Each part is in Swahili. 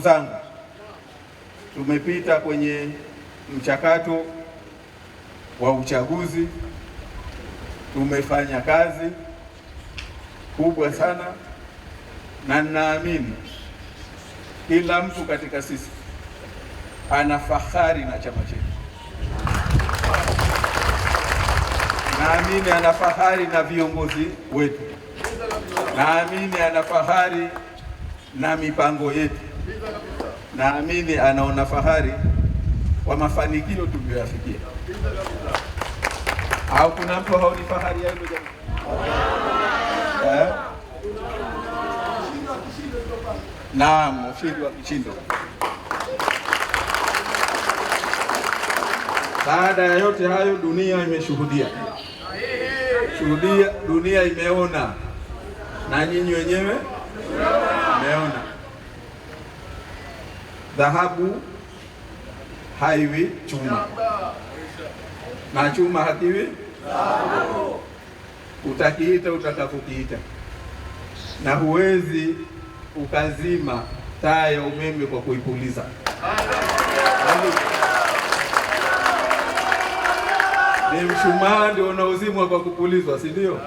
zangu, tumepita kwenye mchakato wa uchaguzi, tumefanya kazi kubwa sana, na ninaamini kila mtu katika sisi ana fahari na chama chetu. Naamini ana fahari na viongozi wetu, naamini ana fahari na mipango yetu naamini anaona fahari kwa mafanikio tuliyoyafikia. Au kuna mtu haoni fahari yenu jamani? Eh? Naam, ushindi wa kishindo. Baada ya yote hayo, dunia imeshuhudia, shuhudia, dunia imeona, na nyinyi wenyewe dhahabu haiwi chuma na chuma hakiwi dhahabu. Utakiita utakapokiita, na huwezi ukazima taa ya umeme kwa kuipuliza. Ni mshumaa ndio unaozimwa kwa kupulizwa, si ndio?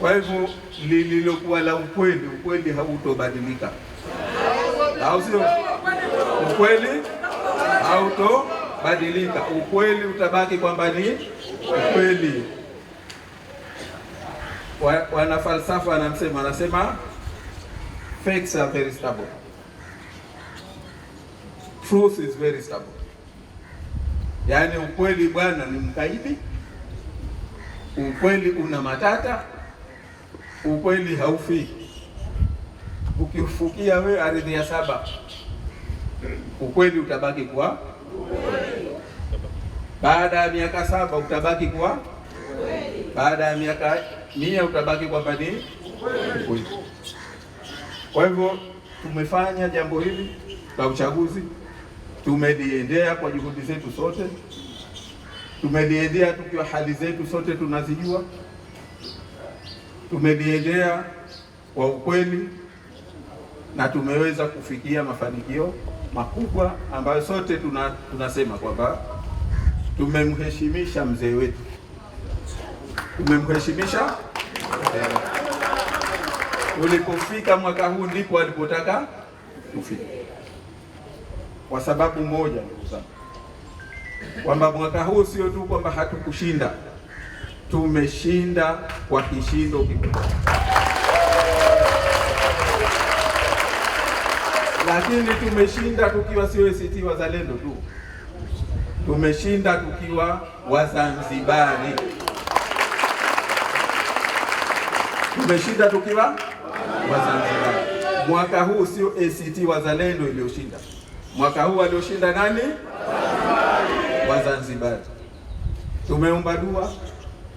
Kwa hivyo lililokuwa la ukweli, ukweli hautobadilika au sio? Ukweli hautobadilika, ukweli utabaki kwamba ni ukweli. Wanafalsafa wanamsema, wanasema facts are very stable, truth is very stable. Yaani ukweli bwana ni mkaidi, ukweli una matata, ukweli haufiki ukifukia wewe ardhi ya saba, ukweli utabaki kwa baada ya miaka saba utabaki kwa baada ya miaka mia utabaki kwamba ni ukweli. Kwa hivyo tumefanya jambo hili la uchaguzi, tumeliendea kwa juhudi zetu sote, tumeliendea tukiwa hali zetu sote tunazijua, tumeliendea kwa ukweli na tumeweza kufikia mafanikio makubwa ambayo sote tuna, tunasema kwamba tumemheshimisha mzee wetu, tumemheshimisha eh. Ulipofika mwaka huu ndipo alipotaka kufika, kwa sababu moja, ndugu zangu, kwamba mwaka huu sio tu kwamba hatukushinda, tumeshinda kwa kishindo kikubwa. lakini tumeshinda tukiwa sio ACT Wazalendo tu, tumeshinda tukiwa Wazanzibari, tumeshinda tukiwa Wazanzibari. Mwaka huu sio ACT Wazalendo iliyoshinda, mwaka huu walioshinda nani? Wazanzibari. Tumeomba dua,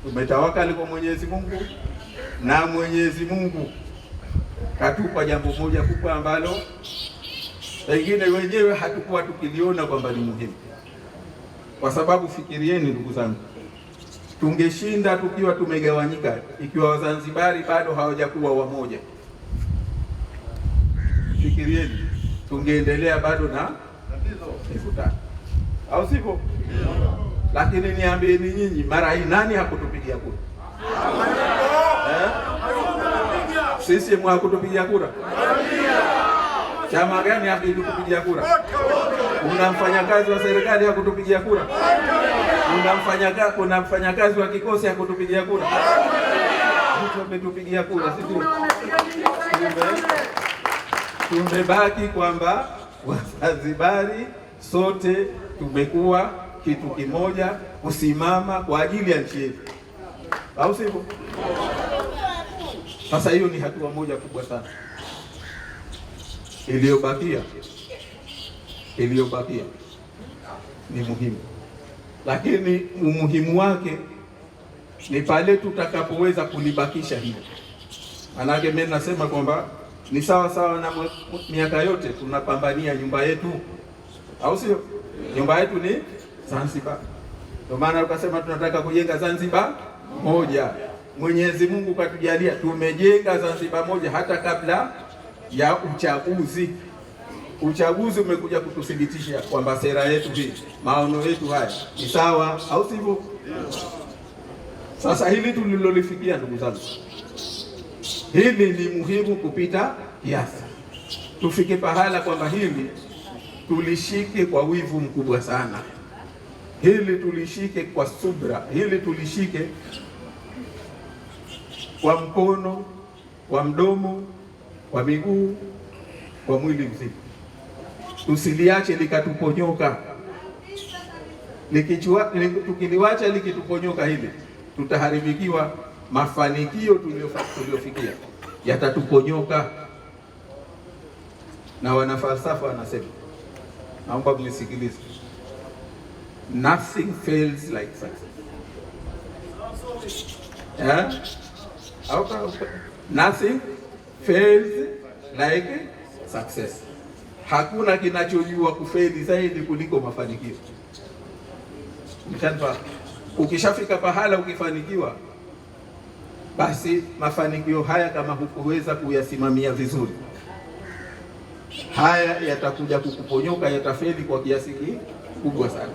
tumetawakali kwa Mwenyezi Mungu na Mwenyezi Mungu katupa jambo moja kubwa ambalo Pengine wenyewe hatukuwa tukiliona kwamba ni muhimu, kwa sababu fikirieni, ndugu zangu, tungeshinda tukiwa tumegawanyika, ikiwa Wazanzibari bado hawajakuwa wamoja. Fikirieni, tungeendelea bado na mivutano, au sivyo? Lakini niambieni nyinyi, mara hii nani hakutupigia kura? Eh? Sisi kutupigia kura? Chama gani hakipi kupigia kura? Kuna mfanyakazi wa serikali hakutupigia kura? Kuna mfanyakazi wa kikosi hakutupigia kura? Ametupigia kura tumebaki kwamba Wazanzibari sote tumekuwa kitu kimoja kusimama kwa ajili ya nchi yetu, au sivyo? Sasa hiyo ni hatua moja kubwa sana iliyobakia iliyobakia ni muhimu, lakini umuhimu wake ni pale tutakapoweza kulibakisha hili. Manake mimi nasema kwamba ni sawa sawa na miaka yote tunapambania nyumba yetu, au sio? Nyumba yetu ni Zanzibar, ndio maana ukasema tunataka kujenga Zanzibar moja. Mwenyezi Mungu katujalia tumejenga Zanzibar moja hata kabla ya uchaguzi. Uchaguzi umekuja kututhibitisha kwamba sera yetu hii, maono yetu haya ni sawa, au sivyo? Sasa hili tulilolifikia, ndugu zangu, hili ni muhimu kupita kiasi. Tufike pahala kwamba hili tulishike kwa wivu mkubwa sana, hili tulishike kwa subra, hili tulishike kwa mkono, kwa mdomo kwa miguu, kwa mwili mzima. Tusiliache likatuponyoka, tukiliwacha likituponyoka hili tutaharibikiwa. Mafanikio tuliyofikia yatatuponyoka. Na wanafalsafa wanasema, naomba mnisikilize, nothing fails like success. Yeah? Okay, okay. Nothing fails like success. Hakuna kinachojua kufeli zaidi kuliko mafanikio. ukishafika pahala ukifanikiwa, basi mafanikio haya kama hukuweza kuyasimamia vizuri, haya yatakuja kukuponyoka, yatafeli kwa kiasi kikubwa sana,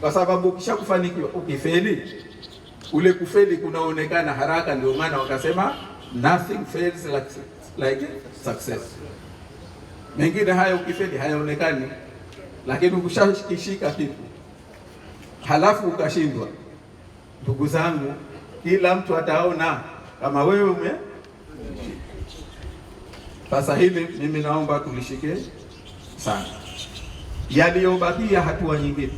kwa sababu ukishakufanikiwa, ukifeli, ule kufeli kunaonekana haraka. Ndio maana wakasema nothing fails like like success. Mengine haya ukifeli hayaonekani, lakini ukishakishika kitu halafu ukashindwa, ndugu zangu, kila mtu ataona kama wewe ume. Sasa hili mimi naomba tulishike sana. Yaliyobakia hatua nyingine,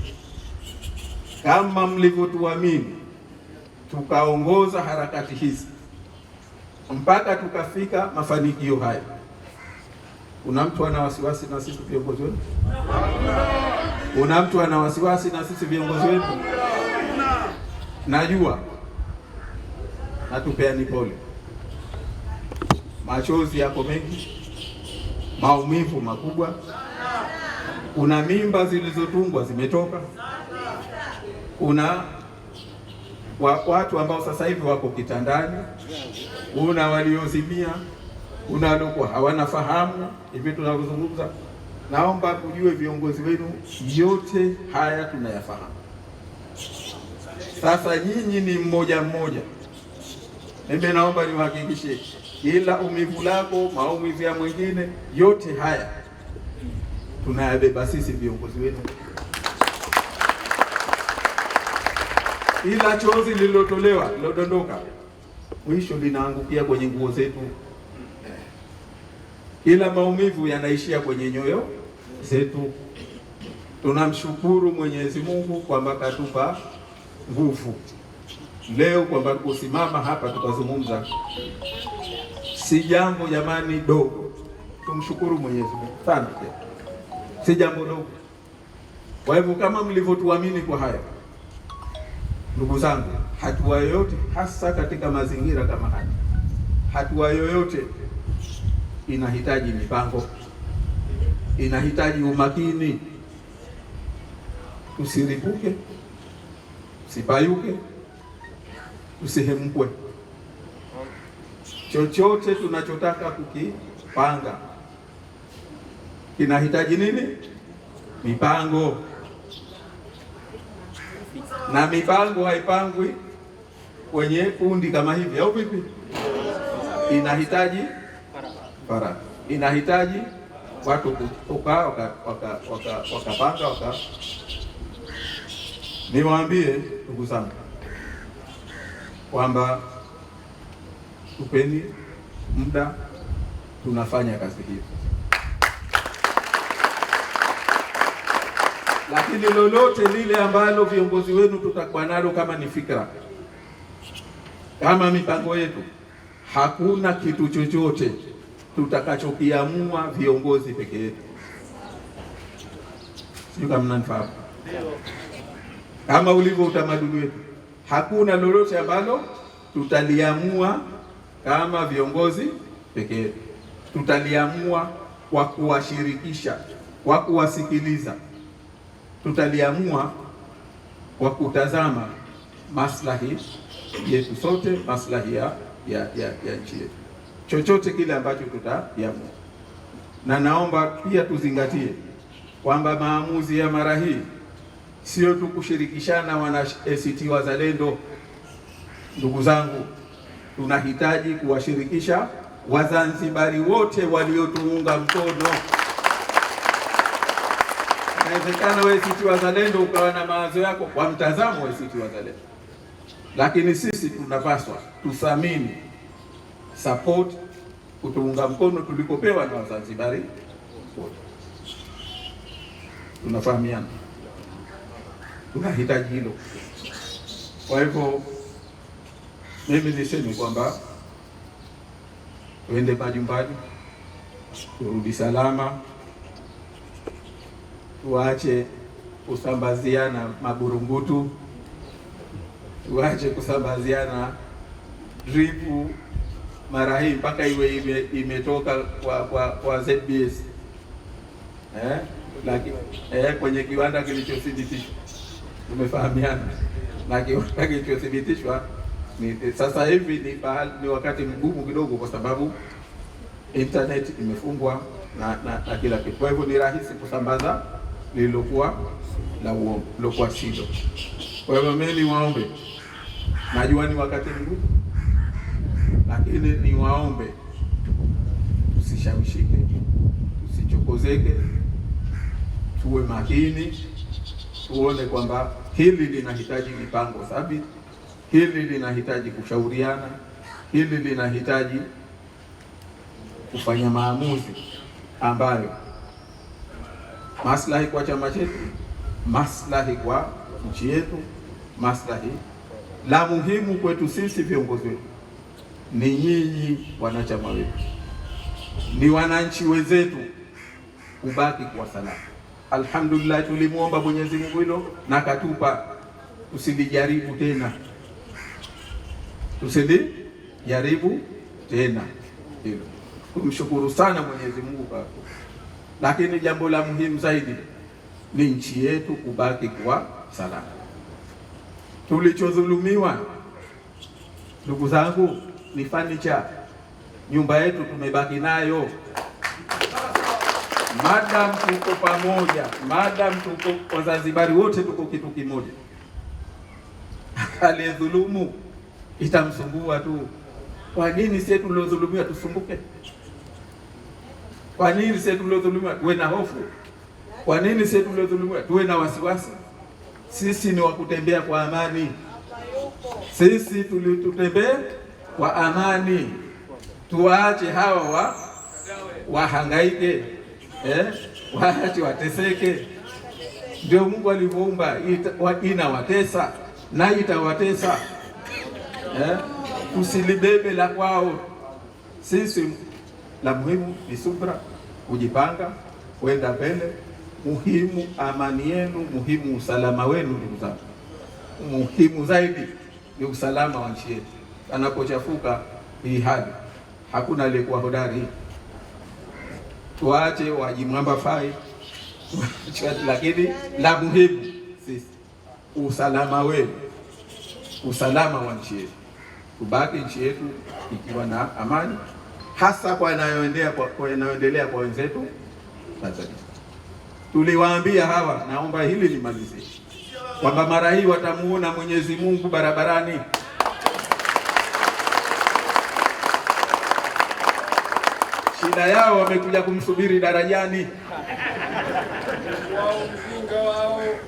kama mlivyotuamini tukaongoza harakati hizi mpaka tukafika mafanikio haya. Kuna mtu ana wasiwasi na sisi viongozi wetu? Kuna mtu ana wasiwasi na sisi viongozi wetu? Najua natupeani pole, machozi yako mengi, maumivu makubwa, kuna mimba zilizotungwa zimetoka, kuna wa watu ambao sasa hivi wako kitandani, kuna waliozimia, kuna waliokuwa hawana fahamu hivi tunavyozungumza. Naomba kujue viongozi wenu, yote haya tunayafahamu. Sasa nyinyi ni mmoja mmoja, mimi naomba niwahakikishie kila umivu lako, maumivu ya mwingine, yote haya tunayabeba sisi viongozi wenu. ila chozi lililotolewa lilodondoka mwisho linaangukia kwenye nguo zetu, ila maumivu yanaishia kwenye nyoyo zetu. Tunamshukuru Mwenyezi Mungu kwamba katupa nguvu leo kwamba kusimama hapa tukazungumza si jambo jamani dogo. Tumshukuru Mwenyezi Mungu sana, si jambo dogo. Kwa hivyo kama mlivyotuamini kwa haya Ndugu zangu, hatua yoyote hasa katika mazingira kama haya, hatua yoyote inahitaji mipango, inahitaji umakini. Usiripuke, usipayuke, usihemkwe. Chochote tunachotaka kukipanga kinahitaji nini? Mipango na mipango haipangwi kwenye kundi kama hivi, au vipi? Inahitaji baraka, inahitaji watu kukaa wakapanga waka, waka. Niwaambie ndugu zangu kwamba tupeni muda, tunafanya kazi hii. lakini lolote lile ambalo viongozi wenu tutakuwa nalo, kama ni fikra, kama mipango yetu, hakuna kitu chochote tutakachokiamua viongozi peke yetu. Sio kama mnanifahamu. Kama ulivyo utamaduni wetu, hakuna lolote ambalo tutaliamua kama viongozi peke yetu. Tutaliamua kwa kuwashirikisha, kwa kuwasikiliza tutaliamua kwa kutazama maslahi yetu sote, maslahi ya, ya, ya, ya nchi yetu, chochote kile ambacho tutaliamua. Na naomba pia tuzingatie kwamba maamuzi ya mara hii sio tu kushirikishana wana ACT Wazalendo. Ndugu zangu, tunahitaji kuwashirikisha Wazanzibari wote waliotuunga mkono. Inawezekana wewe ACT Wazalendo ukawa na mawazo yako kwa mtazamo wa ACT Wazalendo, lakini sisi tunapaswa tuthamini support, kutuunga mkono tulikopewa na Wazanzibari wote. Tunafahamiana, tunahitaji hilo. Kwa hivyo mimi niseme kwamba tuende majumbani, turudi salama tuache kusambaziana maburungutu, tuache kusambaziana dripu mara hii mpaka iwe ime, imetoka kwa kwa, kwa ZBS eh, lakini eh, kwenye kiwanda kilichothibitishwa tumefahamiana na kiwanda kilichothibitishwa ni sasa hivi ni, ni wakati mgumu kidogo, kwa sababu internet imefungwa na, na, na kila kitu. Kwa hivyo ni rahisi kusambaza lililokuwa la uongo, lilokuwa sido. Kwa hivyo mimi niwaombe, najua ni wakati mgumu, lakini niwaombe tusishawishike, tusichokozeke, tuwe makini, tuone kwamba hili linahitaji mipango thabiti, hili linahitaji kushauriana, hili linahitaji kufanya maamuzi ambayo maslahi kwa chama chetu, maslahi kwa nchi yetu, maslahi la muhimu kwetu sisi viongozi wetu ni nyinyi wanachama wetu, ni wananchi wenzetu, kubaki kwa salama. Alhamdulillah, tulimwomba Mwenyezi Mungu hilo na katupa, tusilijaribu tena, tusilijaribu tena hilo. Tumshukuru sana Mwenyezi Mungu kwa lakini jambo la muhimu zaidi ni nchi yetu kubaki kuwa salama. Tulichodhulumiwa ndugu zangu ni fanicha, nyumba yetu tumebaki nayo. Madam tuko pamoja, madam tuko Wazanzibari wote tuko kitu kimoja, aliyedhulumu itamsumbua tu. Kwa nini sie tuliodhulumiwa tusumbuke? Kwa nini sisi tuliodhulumiwa tuwe na hofu? Kwa nini sisi tuliodhulumiwa tuwe na wasiwasi? Sisi ni wakutembea kwa amani, sisi tulitutembea kwa amani. Tuwaache hawa wa wahangaike, eh? Waache wateseke. Ndio Mungu alivyoumba, inawatesa na itawatesa eh? Tusilibebe la kwao. Sisi la muhimu ni subra kujipanga kwenda mbele. Muhimu amani yenu, muhimu usalama wenu, ndugu zangu. Muhimu zaidi ni usalama wa nchi yetu. Anapochafuka hii hali, hakuna aliyekuwa hodari. Tuache wajimwamba fai lakini la muhimu sisi usalama wenu, usalama wa nchi yetu, tubaki nchi yetu ikiwa na amani hasa kwa yanayoendelea kwa, kwa, yanayoendelea kwa wenzetu Tanzania. Tuliwaambia hawa, naomba hili limalize kwamba mara hii watamuona Mwenyezi Mungu barabarani. Shida yao wamekuja kumsubiri darajani.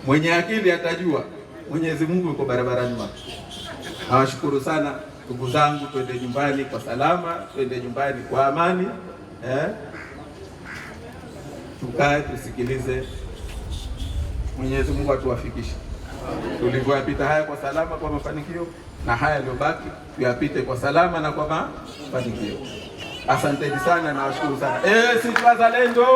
Mwenye akili atajua Mwenyezi Mungu yuko barabarani wake. Nawashukuru sana. Ndugu zangu, twende nyumbani kwa salama, twende nyumbani kwa amani eh? Tukae tusikilize, Mwenyezi Mungu atuwafikishe tulivyoyapita haya kwa salama, kwa mafanikio, na haya yaliyobaki tuyapite kwa salama na kwa mafanikio. Asanteni sana, nawashukuru sana. Eh, sisi wazalendo